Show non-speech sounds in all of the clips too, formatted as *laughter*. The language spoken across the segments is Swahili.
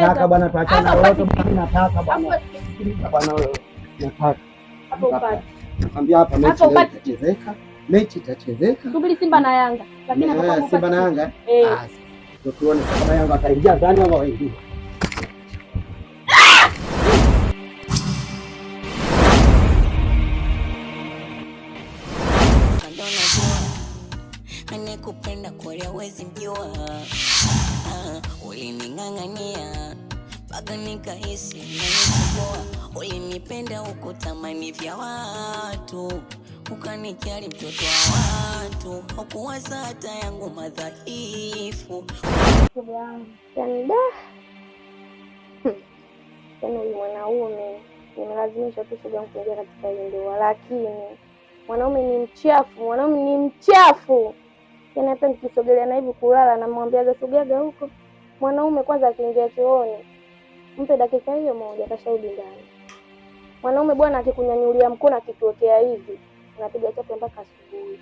Nataka bwana tuachane wote, mimi nataka bwana. nataka. Nakwambia hapa mechi itachezeka. Mechi itachezeka. Subiri Simba na Yanga. Lakini nataka eh, Simba na Yanga. Eh. Ndio tuone kama Yanga ataingia ndani ama waingie. Kupenda kwa leo wezi ulining'ang'ania mpaka nikahisi nimekuwa, ulinipenda ukutamani vya watu, ukanikali mtoto wa watu, hukuwaza hata yangu madhaifu yaani, *laughs* yaani huyu mwanaume nimelazimisha tu shoga kuingia katika hii ndoa, lakini mwanaume ni mchafu, mwanaume ni mchafu. Yaani hata nikisogeleana hivi kulala, namwambiaga sogeaga huko. Mwanaume kwanza akiingia chooni, mpe dakika hiyo moja, kashaudi ndani. Mwanaume bwana akikunyanyulia mkono, akituokea hivi, unapiga chapa mpaka asubuhi.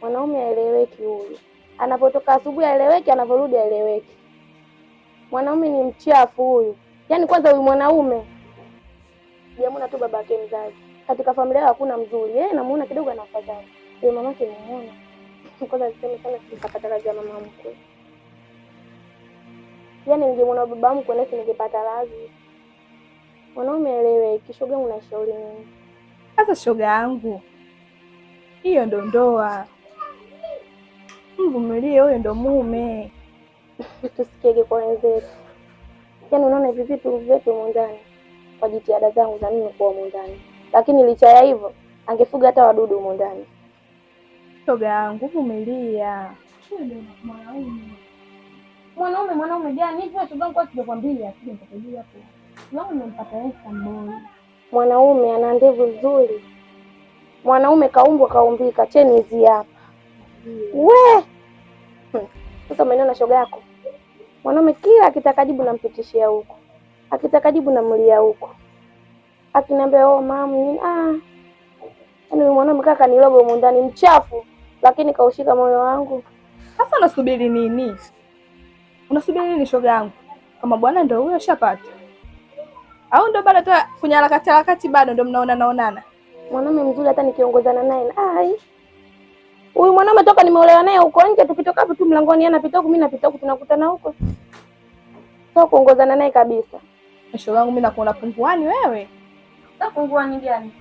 Mwanaume aeleweki huyu, anapotoka asubuhi aeleweki, anaporudi aeleweki. Mwanaume ni mchafu huyu. Yaani kwanza huyu mwanaume jamuna tu babake mzazi, katika familia hakuna mzuri. Yeye namuona kidogo anafadhali, ndio mamake namuona kwanza alisema sana nikapata kazi ya mama mkwe. Yaani ningemwona baba mkwe nasi ningepata radhi. Mwanaume elewe kishoga unashauri nini? Sasa shoga yangu. Hiyo ndo ndoa. Mvumilie huyo ndo mume. *laughs* Tusikiege kwa wenzetu. Yaani unaona hivi vitu vyetu mwandani kwa jitihada zangu za mimi kuwa mundani Lakini licha ya hivyo angefuga hata wadudu mundani shoga yangu vumilia. Mwanaume mwanaume mwanaume gani hivyo? Shoga yangu sijakwambia, sije nikatajia hapo. Mwanaume mpata Esther Mbowe, mwanaume ana ndevu nzuri, mwanaume kaumbwa kaumbika, cheni hizi hapa we sasa umeona shoga yako mwanaume, kila akitaka jibu nampitishia huko, akitaka jibu namlia huko, akiniambia oh mamu, ah, yaani mwanaume kaka ni robo mundani mchafu lakini kaushika moyo wangu. Sasa unasubiri nini? Unasubiri nini shoga yangu? Kama bwana ndio huyo shapata, au ndio bado hata kwenye harakati harakati bado ndio mnaona naonana? Mwanaume mzuri hata nikiongozana naye ai, huyu mwanaume toka nimeolewa naye huko nje, tukitoka hapo tu mlangoni anapita huko, mimi napita huko, tunakutana huko, sio kuongozana naye kabisa. Eh, shoga yangu, mimi nakuona punguani wewe. Sasa punguani gani?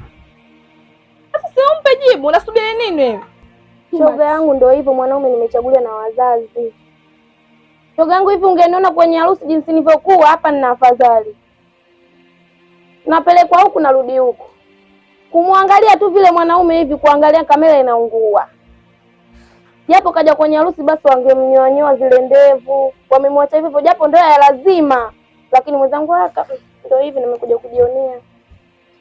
Sasa siumpe jibu, unasubiri nini wewe? Shoga yangu ndio hivyo mwanaume nimechaguliwa na wazazi. Shoga yangu hivi ungeniona kwenye harusi jinsi nilivyokuwa hapa nina afadhali. Napelekwa huku narudi huku. Kumwangalia tu vile mwanaume hivi kuangalia kamera inaungua. Japo kaja kwenye harusi basi wangemnyonyoa zile ndevu, wamemwacha hivyo japo ndio ya lazima. Lakini mwenzangu haka ah, ndio hivi nimekuja kujionea.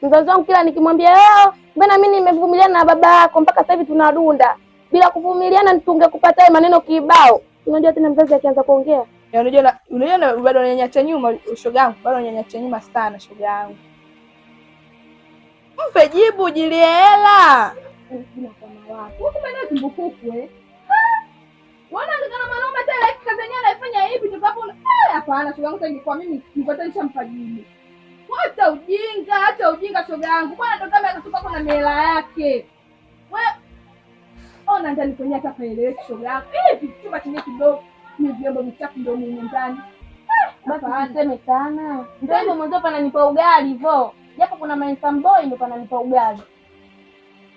Mzazi wangu kila nikimwambia, oh, "Mbona mimi nimevumiliana na baba yako mpaka sasa hivi tunadunda?" bila kuvumiliana tungekupata hayo maneno kibao. Unajua tena mzazi akianza kuongea, eh, unajua unajua bado unanyanyacha nyuma, shoga yangu bado unanyanyacha nyuma sana, shoga yangu. Mpe jibu jilie hela. Acha eh. eh, ujinga, ujinga shoga yangu, ndo kama mela yake. Wewe Oh, Ona ndani kwenye hata ile shoga yako. Hivi chumba chenye kidogo ni vyombo vichafu ndio mimi ndani. Ah, Basi aseme sana. Ndio mwanzo pana nipa ugali hivyo. Japo kuna Maisam boy ndio nipa ugali.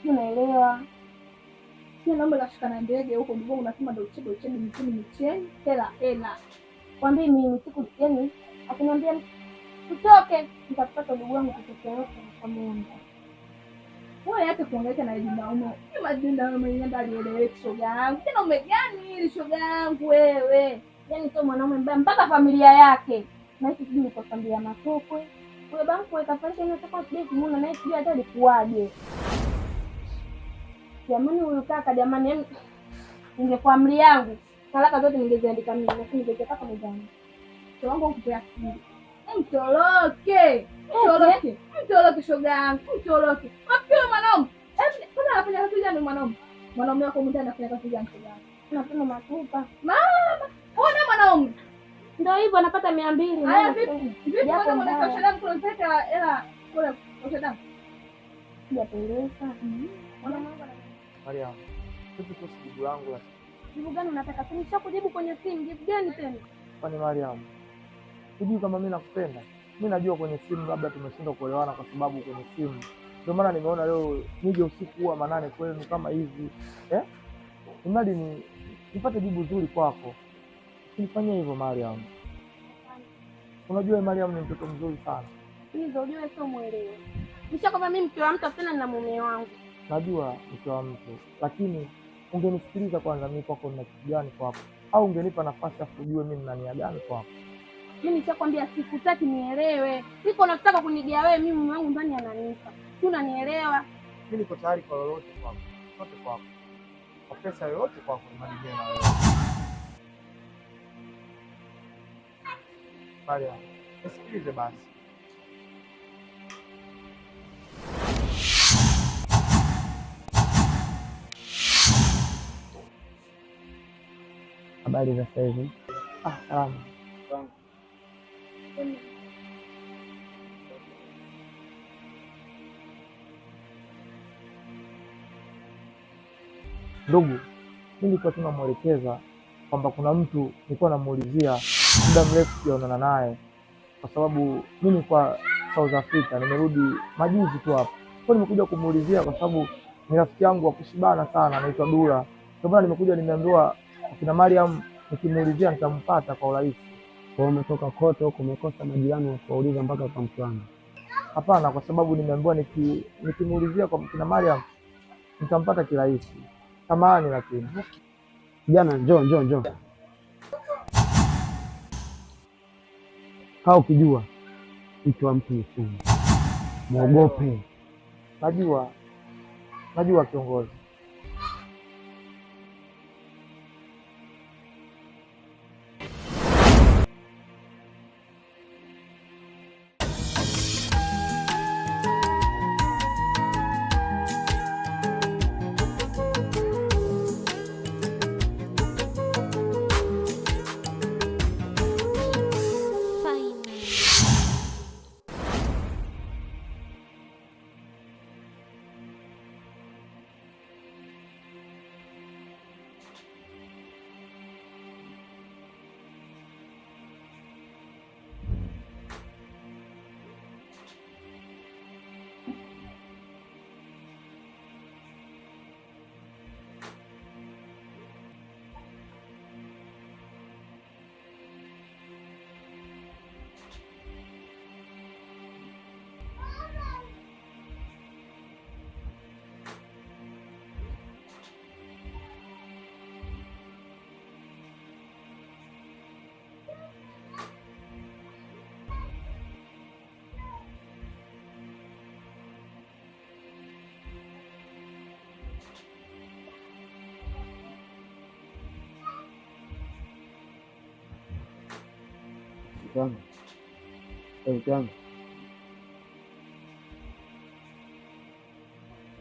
Unaelewa? Sio naomba nashuka na ndege huko ndivyo unasema ndio uchebe uchebe mchini mcheni hela hela. Kwambie mimi siku yani akiniambia tutoke nitapata ndugu wangu tutoke kwa Mungu. Wewe yake kuangaika na Juma umaenda ile Shoga yangu tena ume gani ile shoga yangu wewe, yaani sio mwanaume mbaya mpaka familia yake Na kwa familia matokwe huyo banku kafaishnatokasijakimuna naye sijui hata alikuwaje. Jamani huyu kaka jamani, yani ingekuwa amri yangu talaka zote ningeziandika mimi, lakini ningekataka mezani wangu kupea mtoroke toroke mtoroke shoga yangu, mtoroke mwanaume. Kuna anafanya kazi gani mwanaume? Mwanaume wako anafanya kazi gani shoga yangu? Anapima Mama, mwanaume. Ndio hivyo anapata 200. Haya vipi? Vipi kwa mwanamke shadamu hela kule kwa Sijapeleka. Mm-hmm. Mariam, la? Jibu gani unataka? kwenye simu. Jibu gani tena? Kwani Mariam, hujui kama mimi nakupenda? mi najua kwenye simu labda tumeshindwa kuelewana kwa sababu kwenye simu, ndio maana nimeona leo nije usiku huwa manane kwenu kama hivi eh? Mradi ni nipate jibu zuri kwako, sinifanyia hivyo Mariam. Unajua Mariam ni mtoto mzuri sana hizo, ujue sio mwelewe. Nishakwambia mke wa mtu tena na mume wangu, najua mke wa mtu, lakini ungenisikiliza kwanza, mi kwako nina kitu gani kwako, au ungenipa nafasi afu ujue mi nina nia gani kwako mimi nishakwambia sikutaki nielewe, niko nataka kunigea wewe. Mimi mume wangu ndani ananipa tu, unanielewa? Mimi niko tayari kwa lolote kwako, Lolote kwako, kwa pesa yoyote kwako, nimalizie na wewe Maria, Nisikilize basi. Habari za sasa hivi? Ah, salama ndugu, mi nilikuwa tu namwelekeza kwamba kuna mtu nilikuwa namuulizia muda mrefu sijaonana naye, kwa sababu mi nilikuwa South Africa, nimerudi majuzi tu hapa kwa nimekuja kumuulizia kwa sababu ni rafiki yangu wa kushibana sana, anaitwa Dura. Ndio maana nimekuja nimeambiwa akina Mariam nikimuulizia nitampata kwa urahisi. Kwa umetoka kote huko, umekosa majirani wa kuuliza mpaka kwa mchana? Hapana, kwa sababu nimeambiwa nikimuulizia niki kwa kina Mariam nitampata kirahisi. Tamani lakini kijana njoo njoo njoo, kaa ukijua mtu wa mtu ni sumu, mwogope. Najua najua kiongozi mke wangu, mke wangu,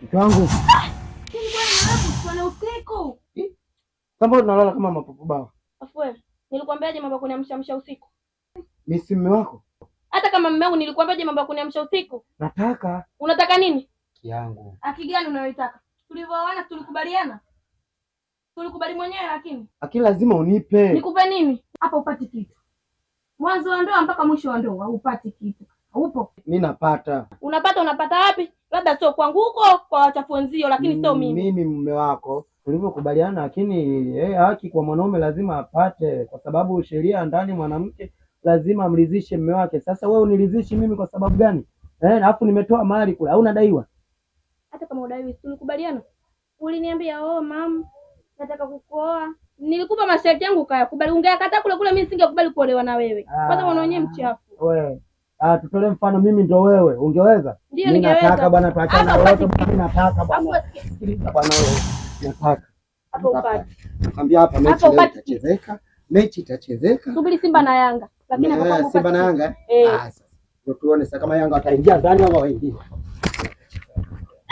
mke wangu, usiku kama tunalala kama mapopo bawa. Afuwe, nilikwambiaje mambo ya usiku? Ni simu wako. Hata kama wangu nilikwambiaje mambo ya kuniamsha usiku? Nataka. Unataka nini? Yangu. Haki gani unayoitaka? Tulivyoana tulikubaliana. Tulikubali mwenyewe lakini. Aki lazima unipe. Nikupe nini? Hapa upati kitu mwanzo wa ndoa mpaka mwisho wa ndoa haupati kitu. Upo mi napata. Unapata, unapata wapi? Labda sio kwangu, huko kwa wachafu wenzio, lakini sio mimi. Mimi mume wako tulivyokubaliana, lakini eh, haki kwa mwanaume lazima apate, kwa sababu sheria ndani mwanamke lazima amridhishe mume wake. Sasa wewe uniridhishi mimi kwa sababu gani? Eh, alafu nimetoa mali kule au nadaiwa? Hata kama udaiwi, tulikubaliana, uliniambia oh, mam nataka kukuoa nilikupa masharti yangu ukayakubali. Ungeyakata kule kule, mimi nisingekubali kuolewa na wewe. Kwanza mwanaonyewe ah, mchafu wewe. Ah, tutolee mfano mimi ndo wewe, ungeweza? Ndio, ningeweza. Nataka bwana, tuachane wote. Mimi nataka bwana, sikiliza bwana, wewe nataka hapo upate, nakwambia hapa mechi itachezeka, mechi itachezeka. Subiri Simba na Yanga, lakini eh, hapo Simba na Yanga eh, eh. Ah, sasa ndio tuone sasa kama Yanga wataingia ndani au waingie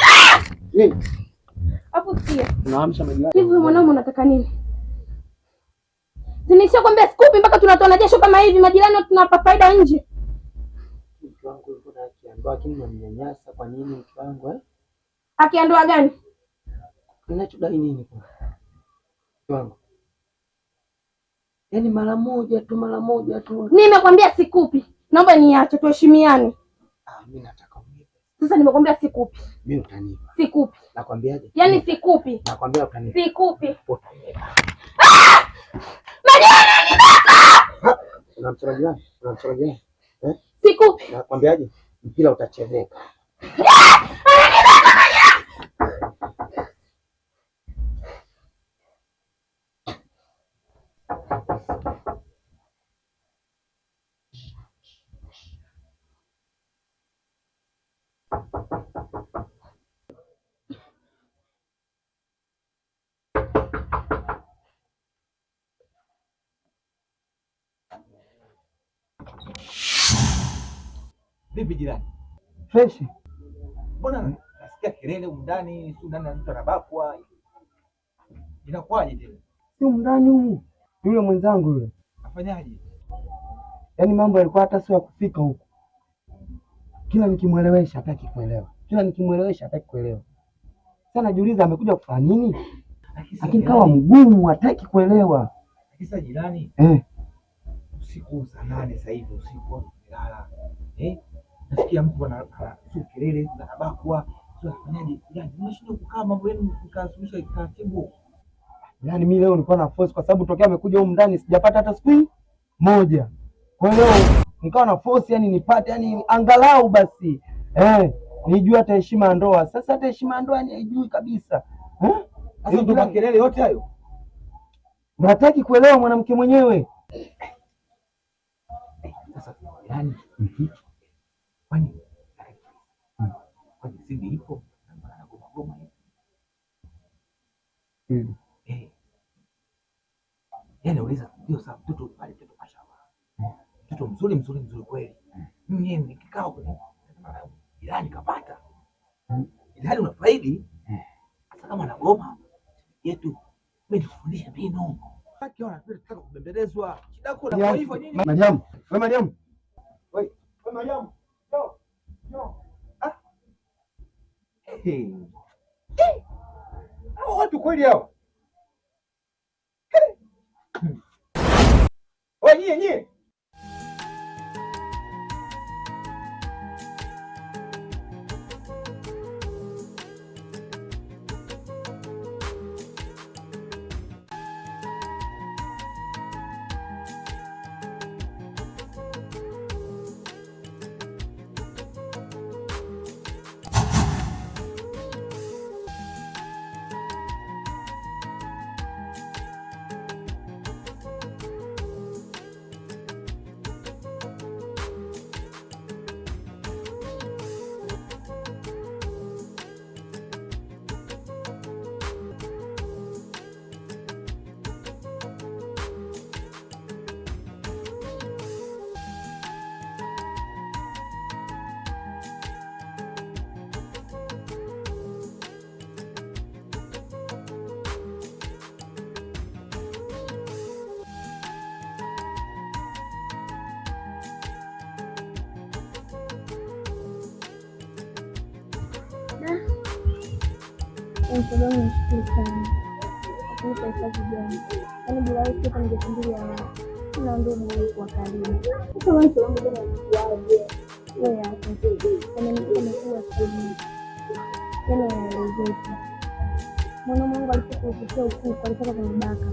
ah! hapo. Sikia, Naamsha maji hivi, mwanamume unataka nini? Zimeisha kwambia sikupi mpaka tunatona jasho kama hivi, majirani tunapa faida nje. Eh? Haki ya ndoa gani? Ninachodai nini wangu? Yaani mara moja tu, mara moja tu. Nimekwambia sikupi, naomba niache, tuheshimiane. Ah, Sasa nimekwambia sikupi. Mimi utanipa. Sikupi. Nakwambiaje? Yaani sikupi. Nakwambia utanipa. Sikupi. Utanipa. Ah! Eh? Siku nakwambiaje, mpira utachezeka. Vipi jirani? Fresh. Mbona nasikia kelele huko ndani, si nani mtu anabakwa? Inakuwaje tena? Si ndani huko. Yule mwenzangu yule. Afanyaje? Yaani mambo yalikuwa hata sio ya kufika huko. Kila nikimwelewesha hataki kuelewa. Kila nikimwelewesha hataki kuelewa. Sasa najiuliza amekuja kufanya nini? Lakini kawa mgumu hataki kuelewa. Kisa jirani. Eh. Usiku saa nane sasa hivi usiku nilala. Eh? nasikia mtu ana kelele anabakwa, anafanyaje? Yani yaani, mnashindwa kukaa mambo yenu mkasuluhisha taratibu. Yani mimi leo nilikuwa na force, kwa sababu tokea amekuja huko ndani sijapata hata siku moja. Kwa hiyo nikawa na force, yani nipate, yani angalau basi eh, nijue hata heshima ya ndoa. Sasa hata heshima ya ndoa ni yaani, haijui kabisa eh? Sasa ndio yaani, makelele yote hayo, nataki kuelewa mwanamke mwenyewe sasa yani mhm kwani hmm. sidi ipo nagomagoma hivi eh. yani, uliza ndio saa mtoto pale, mtoto mashallah, hmm. mtoto mzuri mzuri mzuri kweli. Hmm. Mimi yeye nikikaa kwenye ilani kapata ilani unafaidi hata kama nagoma yetu, mimi nikufundisha mbinu kubembelezwa. wewe Mariam, wewe Mariam Ah. Hao watu kweli hao. Wewe hmm. nyie nyie Mshagao nashukuru sana kunipa hifadhi jana, yaani bila wewe sasa ningekimbilia na ndugu wa karibu. Sasa wewe salamu jana ilikuwaje? Wewe hapo kama mtu amekuwa sehemu tena naelezeka, mwana mwangu alipokufikia ukuu alitaka kunibaka,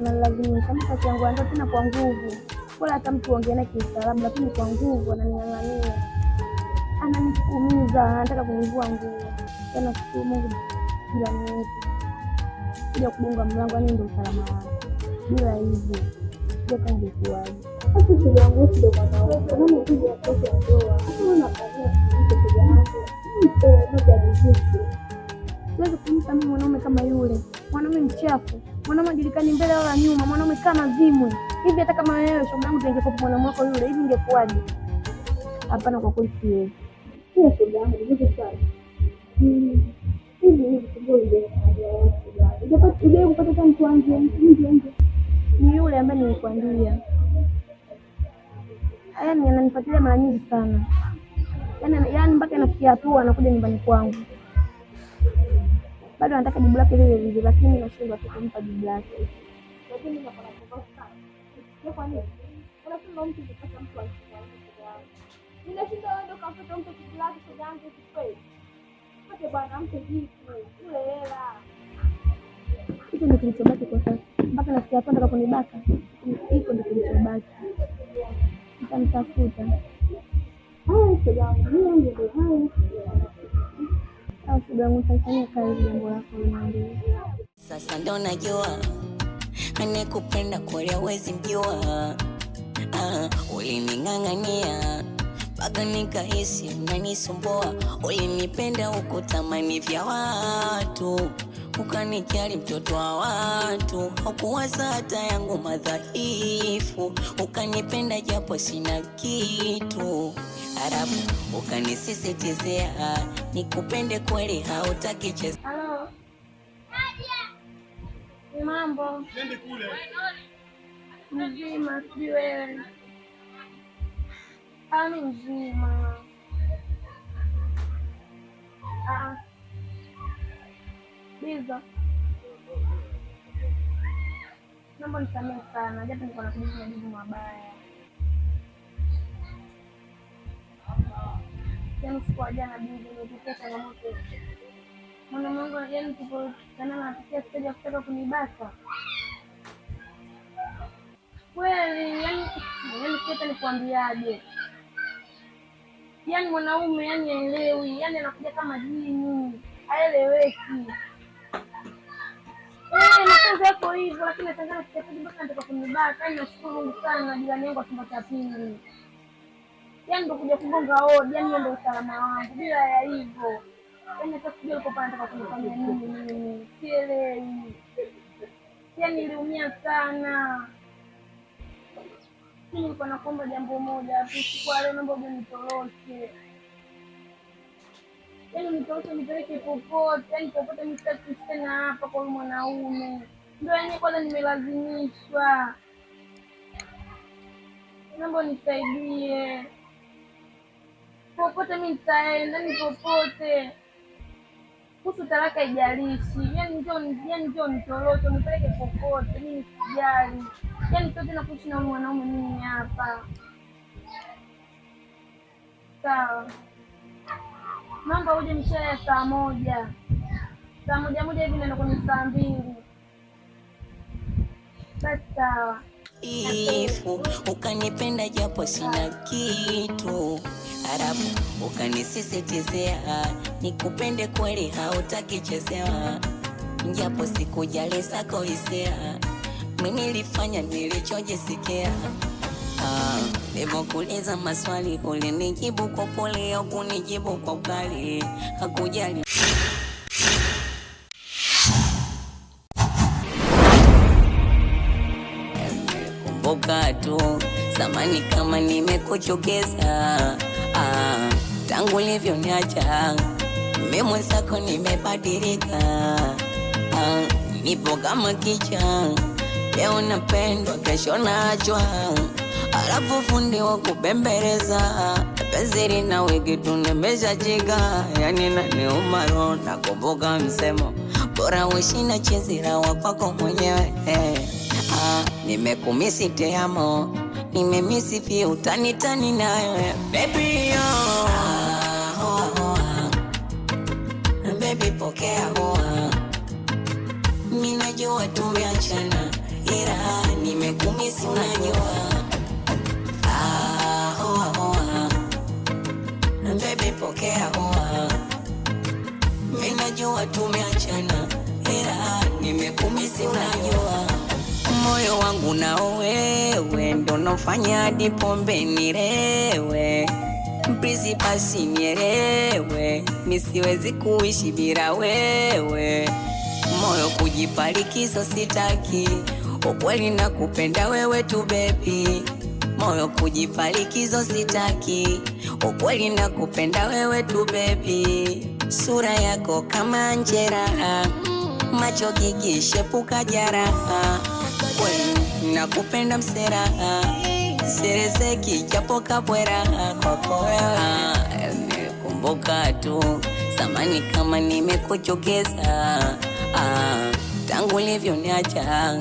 analazimisha mkasi yangu anza tena kwa nguvu, wala hata mtu ongea naye kiistaarabu, lakini kwa nguvu ananing'ang'ania, ananisukumiza, anataka kunivua nguo. Nashukuru Mungu kila mtu kuja kugonga mlango, yani ndio usalama wako. Bila hivyo sio kama ingekuwaje? Sasa ndugu yangu, sio kwa sababu kama mkuja kote ndoa, unaona kaza kitu yangu mpe moja vizuri. Siwezi kumpa mimi mwanaume kama yule, mwanaume mchafu, mwanaume ajulikani mbele wala nyuma, mwanaume kama zimwe hivi. Hata kama wewe shoga yangu ingekuwa mwanaume wako yule, hivi ingekuwaje? Hapana, kwa kweli siwezi. Sio shoga yangu, hivi hivi Ujai kupata hata mtu anje nje nje, ni yule ambaye nilikwambia. Yaani ananifuatilia mara nyingi sana, yaani, yaani mpaka inafikia hatua anakuja nyumbani kwangu, bado anataka jibu lake lile lile, lakini nashindwa tu kumpa jibu lake. Mpe bwana, mpe jipu kule hela. Hicho ndio kilichobaki kwa sasa, mpaka nafikia hapo nataka kunibaka. Hicho ndio kilichobaki, nitamtafuta. Haya, shoga ndio Sasa najua anekupenda kweli hawezi mjua. Ah, na nikahisi unanisumbua. Ulinipenda tamani vya watu, ukanikali mtoto wa watu, haukuwaza hata yangu madhaifu, ukanipenda japo sina kitu Arabu ukanisisitizea nikupende kweli, hautaki cheza. Halo, mambo mzima? wewe Ami mzima Ah. Biza. Naomba nisamehe sana, japo niko nakujibu majibu mabaya. Yaani siku ya jana bibi nimepitia changamoto. Mwanaume wangu yaani tulipokutana anapitia stage ya kutaka kunibasa Kweli, yaani yaani sasa nikuambiaje? yani mwanaume yani aelewi, yani anakuja kama jini, aeleweki. Yaani mapenzi yako hivyo, lakini natangana kitafiki mpaka nataka kunibaka. Yani nashukuru Mungu sana, jirani yangu wa chumba cha pili, yani ndo kuja kugonga hodi, yani ndo usalama wangu. Bila ya hivyo, yani hata sijui uko pana nataka kunifanyia nini mimi, sielewi. Yani niliumia sana. Mimi nilikuwa kuomba jambo moja tu, siku leo naomba unitoroke. Yaani nitoroke nipeleke popote, yaani popote nisitaki tena hapa kwa mwanaume. Ndio yenyewe yaani kwanza nimelazimishwa. Naomba nisaidie Popote mimi nitaenda, ni yaani popote. Kuhusu talaka ijalishi. Yaani njoo, yaani njoo nitoroke, nipeleke popote, mimi sijali. Yaani tote nakuishi na mwanaume mimi hapa. Sawa, mambo uje mishaa saa moja, saa moja moja hivi naenda kwenye saa mbili. Basi sawa. Ifu ukanipenda japo sina kitu, halafu ukanisisitizea nikupende kweli, hautaki japo sikujali zako hisia mimi nilifanya nilichojisikia. Ah, nilipokuuliza maswali nijibu kwa pole au kunijibu kwa ukali, hakujali. Kumbuka tu samani kama nimekuchokeza. Ah, tangu niacha mimi mwenzako nimebadilika. Ah, nipo kama kicha Leo napendwa, kesho nachwa alafu fundi wa kubembeleza penzi wiki wigi tunameshajiga, yani naniuma roho, nakumbuka msemo bora uishi na chizira la mwenyewe. Hey, ah, nimekumisi te nimemisi pia utanitani nayo baby yo simanyua ah, pokea oa, minajua tumeachana, ila nimekumisi unajua moyo wangu nao wewe ndo nofanya hadi pombe nilewe, mpizi basi nielewe, misiwezi kuishi bila wewe, moyo kujipalikizo sitaki ukweli na kupenda wewe tu bebi, moyo kujipalikizo sitaki, ukweli na kupenda wewe tu bebi, sura yako kama njeraha, macho gigi jaraha, kweli na kupenda mseraha, serezeki japo kapweraha kwako tu samani kama nimekuchokeza, ah, tangu livyo niacha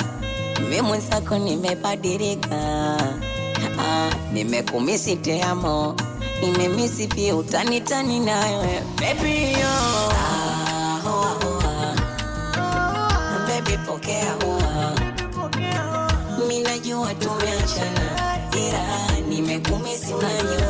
mi mwenzako nimebadilika, ah, nimekumisi teamo, nimemisi pia utanitani nayo baby yo ah, oh, oh, ah. Baby pokea ua, oh, oh. minajua tumeachana, ila nimekumisi nanyo